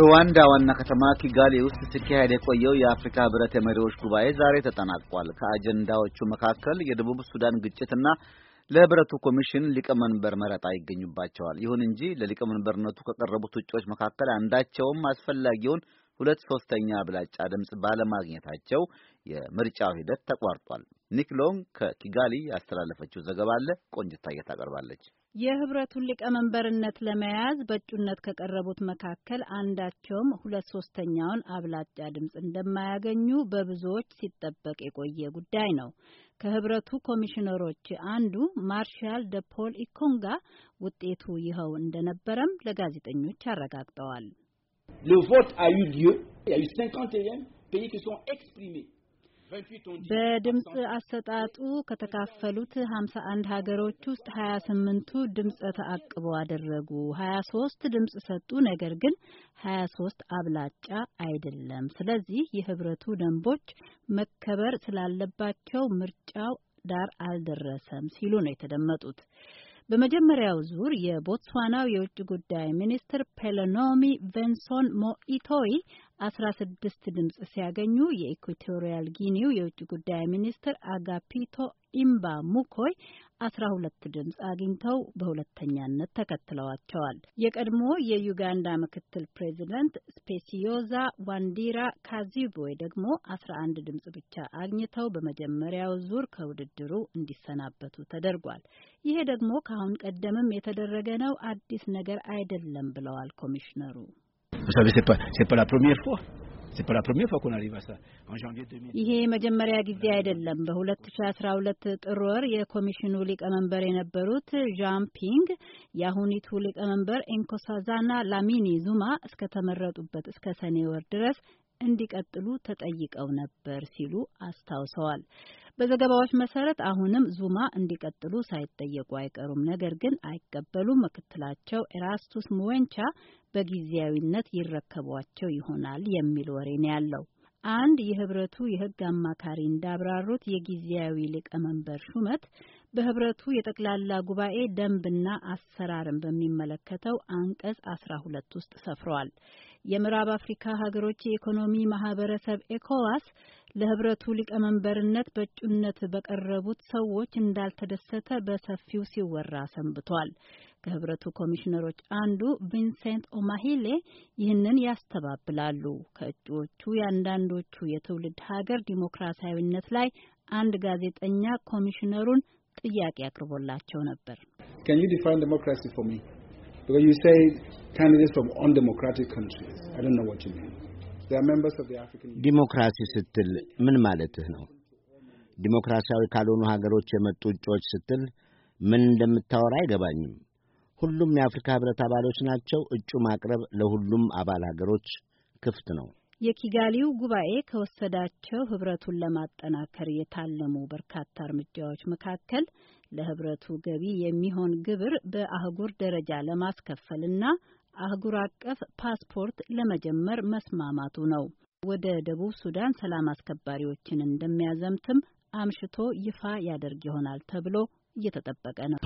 ሩዋንዳ ዋና ከተማ ኪጋሊ ውስጥ ሲካሄድ የቆየው የአፍሪካ ህብረት የመሪዎች ጉባኤ ዛሬ ተጠናቋል። ከአጀንዳዎቹ መካከል የደቡብ ሱዳን ግጭትና ለህብረቱ ኮሚሽን ሊቀመንበር መረጣ ይገኙባቸዋል። ይሁን እንጂ ለሊቀመንበርነቱ ከቀረቡት እጩዎች መካከል አንዳቸውም አስፈላጊውን ሁለት ሶስተኛ አብላጫ ድምፅ ባለማግኘታቸው የምርጫው ሂደት ተቋርጧል። ኒክሎን ከኪጋሊ ያስተላለፈችው ዘገባ አለ። ቆንጅታየት ታቀርባለች። የህብረቱን ሊቀመንበርነት ለመያዝ በእጩነት ከቀረቡት መካከል አንዳቸውም ሁለት ሶስተኛውን አብላጫ ድምፅ እንደማያገኙ በብዙዎች ሲጠበቅ የቆየ ጉዳይ ነው። ከህብረቱ ኮሚሽነሮች አንዱ ማርሻል ደ ፖል ኢኮንጋ ውጤቱ ይኸው እንደነበረም ለጋዜጠኞች አረጋግጠዋል። በድምፅ አሰጣጡ ከተካፈሉት 51 ሀገሮች ውስጥ 28ቱ ድምፅ ተአቅቦ አደረጉ። 23 ድምፅ ሰጡ፣ ነገር ግን 23 አብላጫ አይደለም። ስለዚህ የህብረቱ ደንቦች መከበር ስላለባቸው ምርጫው ዳር አልደረሰም ሲሉ ነው የተደመጡት። በመጀመሪያው ዙር የቦትስዋናው የውጭ ጉዳይ ሚኒስትር ፔለኖሚ ቬንሶን ሞኢቶይ 16 ድምጽ ሲያገኙ የኢኳቶሪያል ጊኒው የውጭ ጉዳይ ሚኒስትር አጋፒቶ ኢምባ ሙኮይ 12 ድምፅ አግኝተው በሁለተኛነት ተከትለዋቸዋል። የቀድሞ የዩጋንዳ ምክትል ፕሬዚደንት ስፔሲዮዛ ዋንዲራ ካዚቦይ ደግሞ 11 ድምጽ ብቻ አግኝተው በመጀመሪያው ዙር ከውድድሩ እንዲሰናበቱ ተደርጓል። ይሄ ደግሞ ከአሁን ቀደምም የተደረገ ነው፣ አዲስ ነገር አይደለም ብለዋል ኮሚሽነሩ። Vous savez, ce n'est pas, pas la première fois. C'est pas la première fois qu'on arrive à ça. En janvier 2000 ይሄ የመጀመሪያ ጊዜ አይደለም። በ2012 ጥር ወር የኮሚሽኑ ሊቀመንበር የነበሩት ዣን ፒንግ የአሁኒቱ ሊቀመንበር ኤንኮሳዛና ላሚኒ ዙማ እስከተመረጡበት እስከ ሰኔ ወር ድረስ እንዲቀጥሉ ተጠይቀው ነበር ሲሉ አስታውሰዋል። በዘገባዎች መሰረት አሁንም ዙማ እንዲቀጥሉ ሳይጠየቁ አይቀሩም። ነገር ግን አይቀበሉም። ምክትላቸው ኤራስቱስ ሙዌንቻ በጊዜያዊነት ይረከቧቸው ይሆናል የሚል ወሬ ነው ያለው። አንድ የህብረቱ የህግ አማካሪ እንዳብራሩት የጊዜያዊ ሊቀመንበር ሹመት በህብረቱ የጠቅላላ ጉባኤ ደንብና አሰራርን በሚመለከተው አንቀጽ አስራ ሁለት ውስጥ ሰፍረዋል። የምዕራብ አፍሪካ ሀገሮች የኢኮኖሚ ማህበረሰብ ኤኮዋስ ለህብረቱ ሊቀመንበርነት በእጩነት በቀረቡት ሰዎች እንዳልተደሰተ በሰፊው ሲወራ ሰንብቷል። ከህብረቱ ኮሚሽነሮች አንዱ ቪንሴንት ኦማሂሌ ይህንን ያስተባብላሉ። ከእጩዎቹ የአንዳንዶቹ የትውልድ ሀገር ዲሞክራሲያዊነት ላይ አንድ ጋዜጠኛ ኮሚሽነሩን ጥያቄ አቅርቦላቸው ነበር። Can Because you say candidates from undemocratic countries. I don't know what you mean. They are members of the African Union. ዲሞክራሲ ስትል ምን ማለትህ ነው? ዲሞክራሲያዊ ካልሆኑ ሀገሮች የመጡ እጩዎች ስትል ምን እንደምታወራ አይገባኝም። ሁሉም የአፍሪካ ህብረት አባሎች ናቸው። እጩ ማቅረብ ለሁሉም አባል ሀገሮች ክፍት ነው። የኪጋሊው ጉባኤ ከወሰዳቸው ህብረቱን ለማጠናከር የታለሙ በርካታ እርምጃዎች መካከል ለህብረቱ ገቢ የሚሆን ግብር በአህጉር ደረጃ ለማስከፈል እና አህጉር አቀፍ ፓስፖርት ለመጀመር መስማማቱ ነው። ወደ ደቡብ ሱዳን ሰላም አስከባሪዎችን እንደሚያዘምትም አምሽቶ ይፋ ያደርግ ይሆናል ተብሎ እየተጠበቀ ነው።